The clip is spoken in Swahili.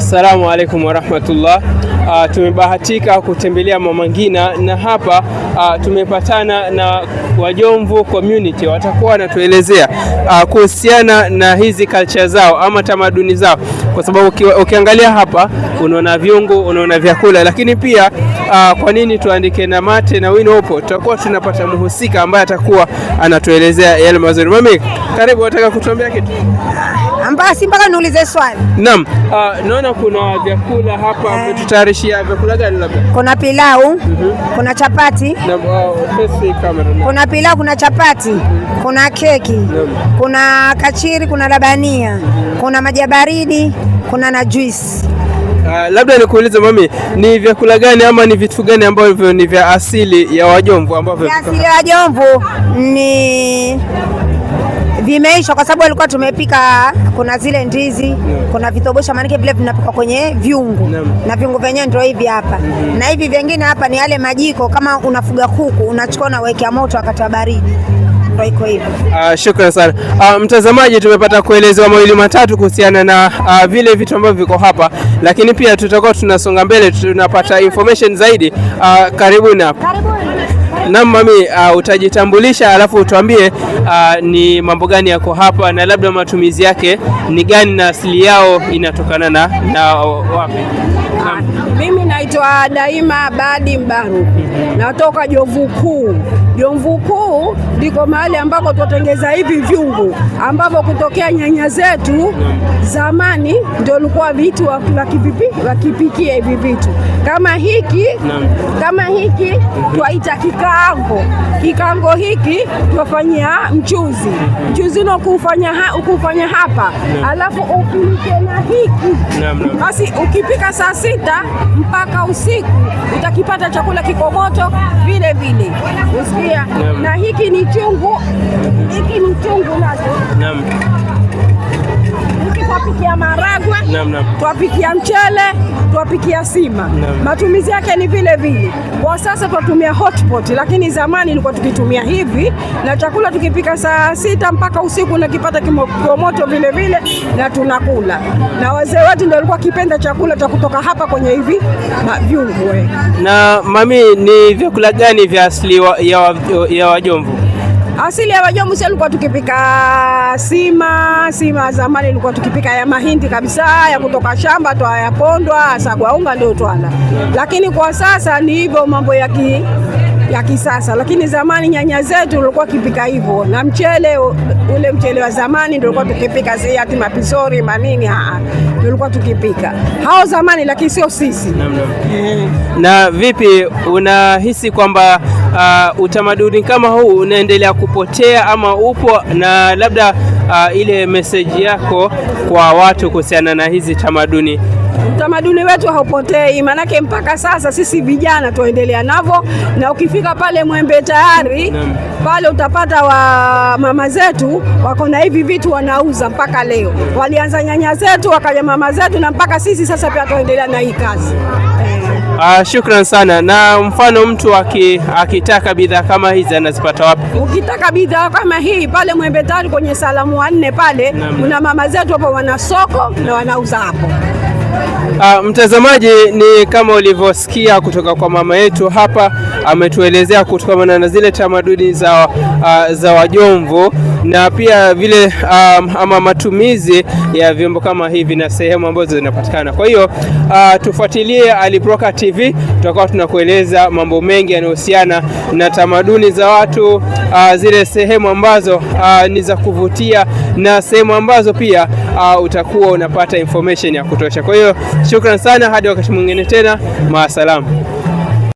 Assalamu alaikum warahmatullah. Uh, ah, tumebahatika kutembelea Mama Ngina na hapa uh, tumepatana na Wajomvu community, watakuwa wanatuelezea uh, kuhusiana na hizi culture zao ama tamaduni zao, kwa sababu ukiangalia hapa unaona viungo, unaona vyakula, lakini pia uh, kwa nini tuandike na mate na winopo, tutakuwa tunapata mhusika ambaye atakuwa anatuelezea yale mazuri. Mami, karibu, wataka kutuambia kitu? basi mpaka niulize swali. Naam, uh, naona kuna vyakula hapa eh. Tutayarishia vyakula gani labda? Kuna pilau mm -hmm. Kuna chapati Naam, wow, ah, kamera. Kuna pilau, kuna chapati mm -hmm. Kuna keki Naam. Kuna kachiri, kuna labania mm -hmm. Kuna maji baridi, kuna na juice Uh, labda nikuulize mami, ni vyakula gani ama ni vitu gani ambavyo ni vya asili ya Wajomvu ambavyo asili ya Wajomvu ni vimeisha kwa sababu alikuwa tumepika, kuna zile ndizi no. kuna vitobosha, maanake vile vinapikwa kwenye vyungu no. na vyungu vyenyewe ndio hivi hapa mm -hmm. na hivi vingine hapa ni yale majiko, kama unafuga kuku unachukua na unawekea moto wakati wa baridi. Uh, shukrani sana uh, mtazamaji, tumepata kuelezewa mawili matatu kuhusiana na uh, vile vitu ambavyo viko hapa, lakini pia tutakuwa tunasonga mbele, tunapata information zaidi. Uh, karibuni hapo. Naam mami, uh, utajitambulisha alafu utuambie uh, ni mambo gani yako hapa na labda matumizi yake ni gani na asili yao inatokana na na wapi? Ah, mimi naitwa Daima Badi Mbaru, natoka Jovu Kuu. Jovu Kuu ndiko mahali ambako twatengeza hivi vyungu ambavyo kutokea nyanya zetu zamani ndio ilikuwa vitu wakipikia hivi vitu kama hiki kama hiki twaita kikango. Kikango hiki twafanyia mchuzi, mchuzi na ukufanya hapa, alafu upike na hiki basi, ukipika saa sita mpaka usiku utakipata chakula kiko moto vile vile, usikia? Na hiki ni chungu, hiki ni chungu nacho naam, naam. Twapikia mchele, twapikia sima naam. Matumizi yake ni vile vile. Kwa sasa twatumia hotpot, lakini zamani ilikuwa tukitumia hivi, na chakula tukipika saa sita mpaka usiku nakipata kimomoto vile vile na tunakula, na wazee wetu ndio walikuwa kipenda chakula cha kutoka hapa kwenye hivi vyungu. Na mami, ni vyakula gani vya asili ya Wajomvu? asili ya Wajombo sisi tukipika sima. Sima zamani ilikuwa tukipika ya mahindi kabisa ya kutoka shamba tu yapondwa, hasa kwa unga ndio twala, lakini kwa sasa ni hivyo mambo ya ki ya kisasa, lakini zamani nyanya zetu ulikuwa kipika hivyo, na mchele ule mchele wa zamani ndio ulikuwa tukipika zile ati mapisori manini, a ulikuwa tukipika hao zamani, lakini sio sisi. Na vipi, unahisi kwamba uh, utamaduni kama huu unaendelea kupotea ama upo, na labda uh, ile meseji yako kwa watu kuhusiana na hizi tamaduni? Utamaduni wetu haupotei, maanake mpaka sasa sisi vijana tuendelea navo, na ukifika pale Mwembe tayari pale utapata wa mama zetu wako na hivi vitu wanauza mpaka leo. Walianza nyanya zetu, wakaja mama zetu, na mpaka sisi sasa pia tunaendelea na hii kazi eh. Uh, shukran sana. Na mfano mtu akitaka bidhaa kama hizi anazipata wapi? Ukitaka bidhaa kama hii pale Mwembe Tatu kwenye salamu wanne pale kuna mama zetu hapo wana soko na wanauza hapo. Uh, mtazamaji, ni kama ulivyosikia kutoka kwa mama yetu hapa, ametuelezea kutokana na zile tamaduni za, uh, za Wajomvu na pia vile um, ama matumizi ya vyombo kama hivi na sehemu ambazo zinapatikana. Kwa hiyo uh, tufuatilie aliproka TV, tutakuwa tunakueleza mambo mengi yanayohusiana na tamaduni za watu uh, zile sehemu ambazo uh, ni za kuvutia na sehemu ambazo pia uh, utakuwa unapata information ya kutosha. Kwa hiyo shukran sana, hadi wakati mwingine tena, maasalamu.